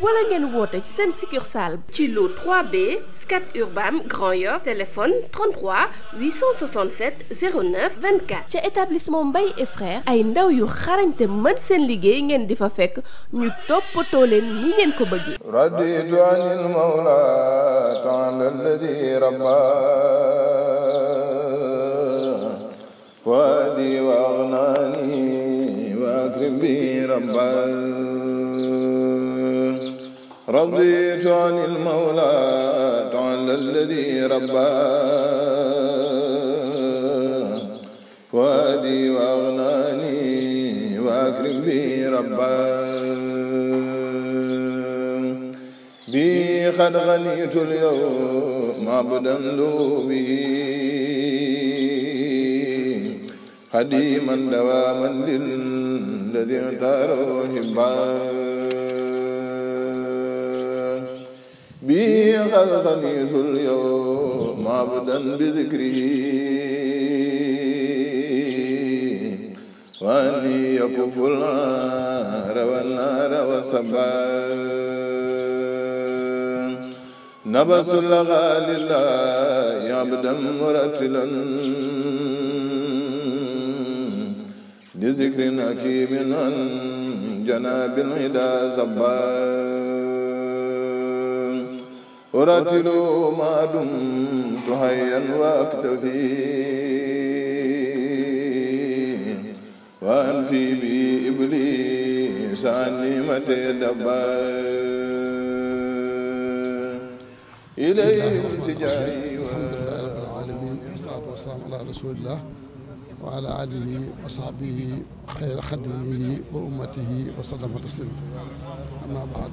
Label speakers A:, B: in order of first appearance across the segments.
A: wala ngeen woote ci seen succursale ci lu 3B Scat Urbam Grand Yoff téléphone 33 867 09 24 ca établissement Mbaye et ay ndaw yu xarañte mën seen liggéey ngeen di fa fekk ñu toppatoo leen ni ngeen ko bëggee
B: raditu anil mawla ta'ala alladhi rabba wadi wa aghnani wa akrim bi rabba رضيت عن المولى تعالى الذي ربى وادي واغناني واكرم بي ربا بي قد غنيت اليوم عبدا ذوبي قديما دواما للذي اختاره حبا bi xalxani zul yawm abdan bi zikri wani yakuful rawa nara wa saba nabasul lillahi abdan muratilan li zikrin hakimin an janabil hida zabba ورتلوا ما دمت حيا واكتفي وانفي بابليس عن نعمه دبر اليه التجاري الحمد لله
C: رب العالمين والصلاه والسلام على رسول الله وعلى اله وصحبه خير خدمه وامته وسلم تسليما اما بعد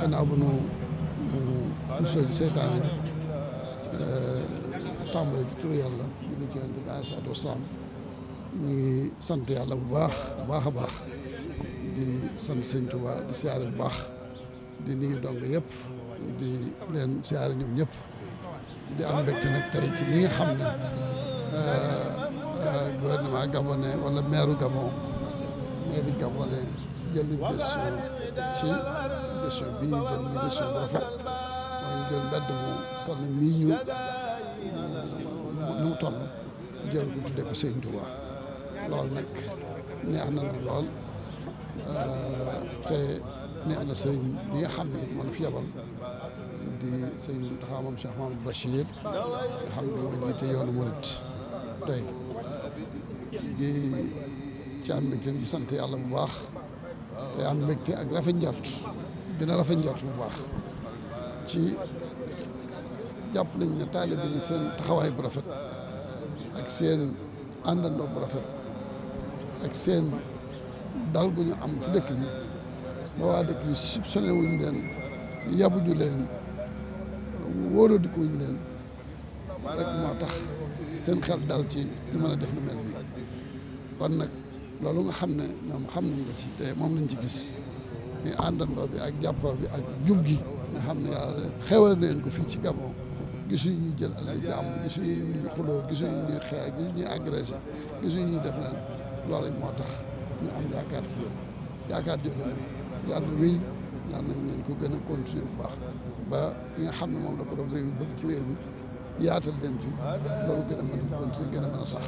C: gannaaw bu nu musal ci seytaane eh, tàmbale ci turu yàlla julli ci ngi sant yàlla bu baax bu baax a baax di sant sëñ Tuba di siyaare bu baax di nuyu dong yëpp di leen siyaare ñoom ñëpp di am mbégte nag tey ci li nga xam ne eh, eh, gouvernement gabonais wala maire Gabon di gabonais jël nañ décision ci décision bi ñu jël ñu décision bu rafet jël mbedd mu toll nii ñu mu toll jël ko tuddee ko Sëñ Touba loolu nag na la lool te neex na sëñ bi nga xam ne man fi yabal di sëñ Mountakha moom Cheikh Mamadou Bachir nga xam ne moo jiite yoonu murit
B: tey di
C: ci am mbégte di sant yàlla bu baax te am mbégte ak rafet njort dina rafet njort bu baax ci jàpp nañ ne taalibe yi seen taxawaay bu rafet ak seen àndandoo bu rafet ak seen dal gu ñu am ci dëkk bi ba waa dëkk bi soupçonné wuñ leen yabuñu leen wóoradikuñ leen rek moo tax seen xel dal ci ñu mën a def lu mel nii kon nag loolu nga xam ne ñoom xam nañ ko ci te moom lañ ci gis muy àndandoo bi ak jàppoo bi ak jub gi nga xam ne yàlla xewal na leen ko fii ci Gabon gisuñ ñu jël alal jàmm gisuñ ñu xuloo gisuñ ñu xeex gisuñ ñu agressé gisuñ ñu def leen loolu moo tax ñu am yaakaar ci yow yaakaar jooju nag yàlla wéy ko gën a continuer bu baax ba nga xam ne moom la borom réew mi bëgg ci réew mi yaatal dem fi loolu gën a mën a continuer gën a mën a sax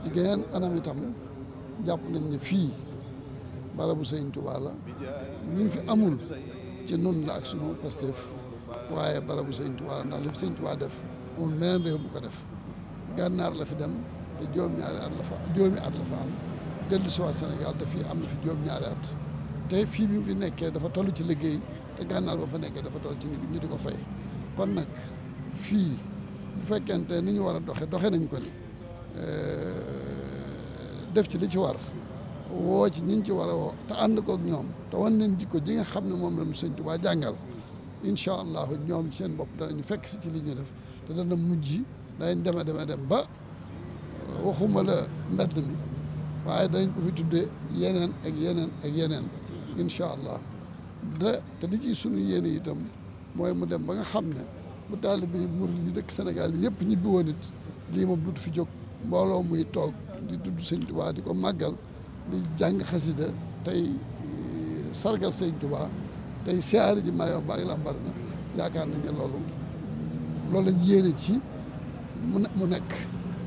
C: ci geneen anam itam jàpp nañ ne fii barabu Sëñ Tuubaa la fi amul ci nun la ak sunu Pastef waaye barabu sëñ Tuubaa ndax li fi sëñ Tuubaa def moom meen réew mu ko def gànnaar la fi dem te juróom-ñaari at la fa juróomi at la fa am dellu si waat Sénégal te fii am na fi juróom-ñaari at te fii bi mu fi nekkee dafa toll ci liggéey te gànnaar ba fa nekkee dafa toll ci ñu di ko fay kon nag fii bu fekkente ni ñu war a doxe doxe nañu ko ni euh, def ci li ci war woo ci ñi ñu ci war a woo te ànd koog ñoom te wan leen jikko ji nga xam ne moom la ñu sëñ Tuubaa jàngal incha allah ci seen bopp ñu fekk si ci li ñu def te dana mujj danañ deme deme dem ba waxuma la mbedd mi waaye dañ ko fi tuddee yeneen ak yeneen ak yeneen incha allah da te di ci sunu yéene itam mooy mu dem ba nga xam ne bu taalibe yi murid yi dëkk Sénégal yëpp ñibbi woon it lii moom du fi jóg mbooloo muy toog di tudd sëñ Tuubaa di ko màggal di jàng xasida tey eh, sargal sëñ Tuubaa tey siyaare ji Mayumba ba ak Lambaréné na yaakaar nañ ne loolu loolu lañ yéene ci mu mu nekk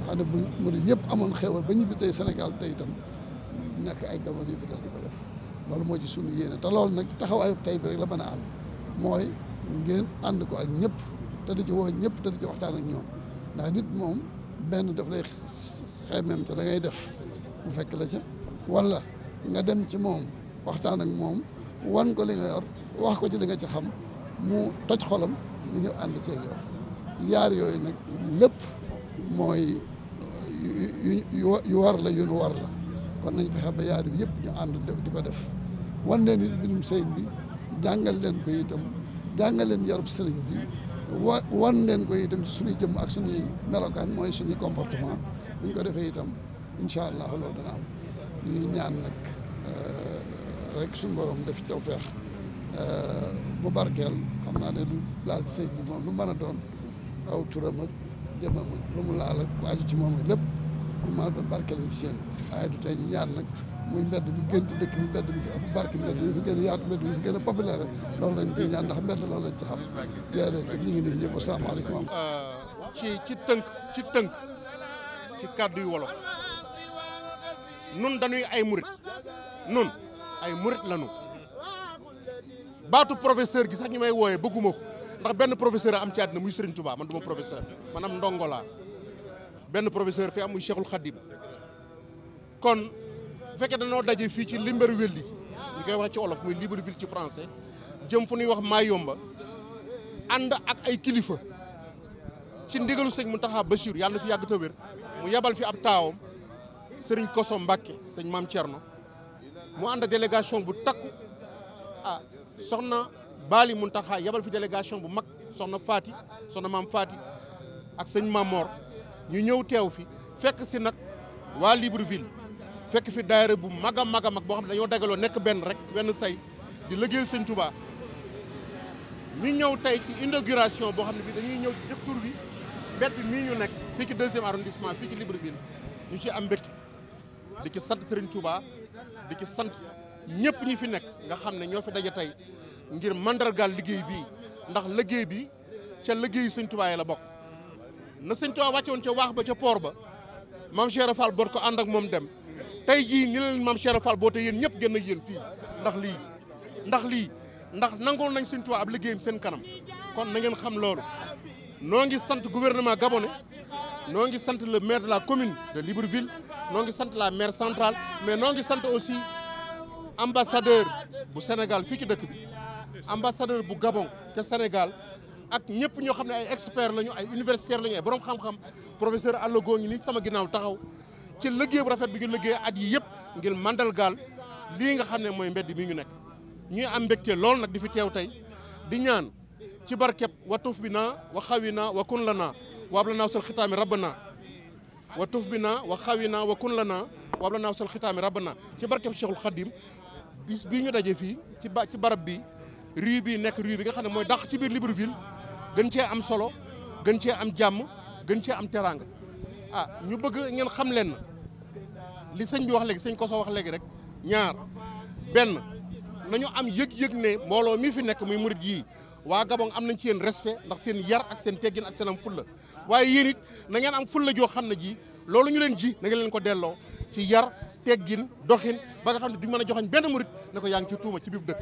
C: xam bu mu yëpp amoon xewal ba ñu bis tey Sénégal itam nekk ay jamono yu fi des di ko def loolu moo ci sunu yéene te loolu nag taxawaayu tey bi rek la mën a amee mooy ngeen ànd ko ak ñëpp te di ci woo ñëpp te di ci waxtaan ak ñoom ndax nit moom benn daf lay xemeem te da ngay def bu fekk la ca wala nga dem ci moom waxtaan ak moom wan ko li nga yor wax ko ci li nga ci xam mu toj xolam mu ñëw ànd ceeg yow yaar yooyu nag lépp mooy yu war la yu nu war la kon nañ fexe ba yaar yu yëpp ñu ànd di ko def wan leen it binum bi jàngal leen ko itam jàngal leen yarub sëriñ bi wa wan leen ko itam ci suñuy jëmm ak suñuy melokaan mooy suñuy comportement buñ ko defee itam incha allah loolu dana am ñuy ñaan nag euh, rek suñu borom def ci tawfeex mu euh, barkeel xam naa ne lu laal sëñ bu moom lu mën a doon aw turam ak jëmam ak lu mu laal ak waaju ci moom lépp lu mën a doon barkeel ci seen waaye du tey ñu ñaan nag muy mbedd mu gën ci dëkk bi mbedd mi fi am barke mbedd mi fi gën a yaatu mbedd mi fi gën a populaire loolu lañ ciy ñaan ndax mbedd loolu lañ ci xam jërëjëf ñu ngi nuyu ñëpp asalaamaaleykum
D: euh, ci ci tënk ci tënk ci kàddu yu wolof nun dañuy ay murit nun ay murit lanu baatu professeur gi sax ñu may wooyee bëgguma ko ndax benn professeur a am ci àddina muy Serigne Touba man duma professeur maanaam ndongo laa benn professeur fi am muy Cheikhul Khadim kon bu fekkee dañoo daje fii ci Libreville ñu koy wax ci olof muy Libreville ci français jëm fu nuy wax Mayomba ànd ak ay kilifa ci ndigalu sëñ Mountakha Bachir yàlla na fi yàgg te mu yabal fi ab taawam. sëriñ Koso Mbacke sëñ maam Thierno mu ànd délégation bu takku ah soxna Baali Muntaxa yabal fi délégation bu mag soxna Faati soxna maam Faati ak sëñ maam ñu ñëw teew fi fekk si nag waa Libreville fekk fi daayira bu mag a mag a mag boo xam ne dañoo dagaloo nekk benn rek benn say di liggéeyal sëñ Touba ñu ñëw tey ci inauguration boo xam ne bi dañuy ñëw ci jëkk tur bi mbedd mii ñu nekk fii ci deuxième arrondissement fii ci Libreville ñu ci am mbégte di ci sant Serigne Touba di ci sant ñëpp ñi fi nekk nga xam ne ñoo fi daja tey ngir mandargaal liggéey bii ndax liggéey bi ca liggéey Serigne Touba la bokk. na Serigne Touba wàcce woon ca waax ba ca poor ba maam Cheikh Fall boot ko ànd ak moom dem tey jii ni leen maam Cheikh Fall boote yéen ñëpp génn ak yéen fii ndax lii ndax lii ndax nangoon nañ Serigne Touba ab liggéeyam seen kanam kon na ngeen xam loolu noo ngi sant gouvernement gabonais noo ngi sant le la commune de noo ngi sant la maire centrale mais noon ngi sant aussi ambassadeur bu Sénégal fii ci dëkk bi ambassadeur bu Gabon te Sénégal ak ñëpp ñoo xam ne ay experts lañu ay universitaires lañu ay borom xam-xam professeur Allogo ngi nii sama ginnaaw taxaw ci liggéey bu rafet bi ñu liggéey at yi yëpp ngir mandargaal lii nga xam ne mooy mbedd mi ñu nekk. ñuy am mbégte lool nag di fi teew tey di ñaan ci barkeb wa tuuf bi naa wa xawi naa wa kun la naa waab la naa sul xitaami naa wa tuuf bi naa wa xawi naa wa kun la naa wab la naa sol xitaami rabb naa ci barkeb Cheikhul Khadim bis bii ñu daje fii ci ci barab bi rue bi nekk rue bi nga xam ne mooy dàq ci biir Libreville gën cee am solo gën cee am jàmm gën cee am teraanga ah ñu bëgg ngeen xam leen li sëñ bi wax léegi ko Koso wax léegi rek ñaar benn nañu am yëg-yëg ne mbooloo mi fi nekk muy murit yi waa Gabon am nañ ci yéen respect ndax seen yar ak seen teggin ak seen am fulla waaye yéen it na ngeen am fulla joo xam ne ji loolu ñu leen ji na leen ko delloo ci yar teggin doxin ba nga xam ne duñ mën a joxañ benn murit ne ko yaa ngi ci tuuma ci biir dëkk.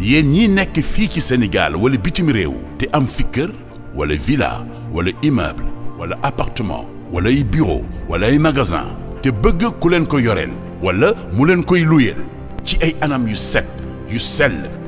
D: yéen ñii nekk fii ci Sénégal wala bitim réew te am fi kër wala villa wala immeuble wala appartement wala ay bureau wala ay magasin te bëgg ku leen ko yoreel wala mu leen koy luyeel ci ay anam yu set yu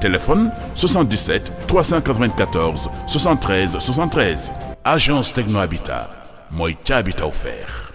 D: téléphone 77 394 73
B: 73 agence Techno Habitat mooy ca Habitat offert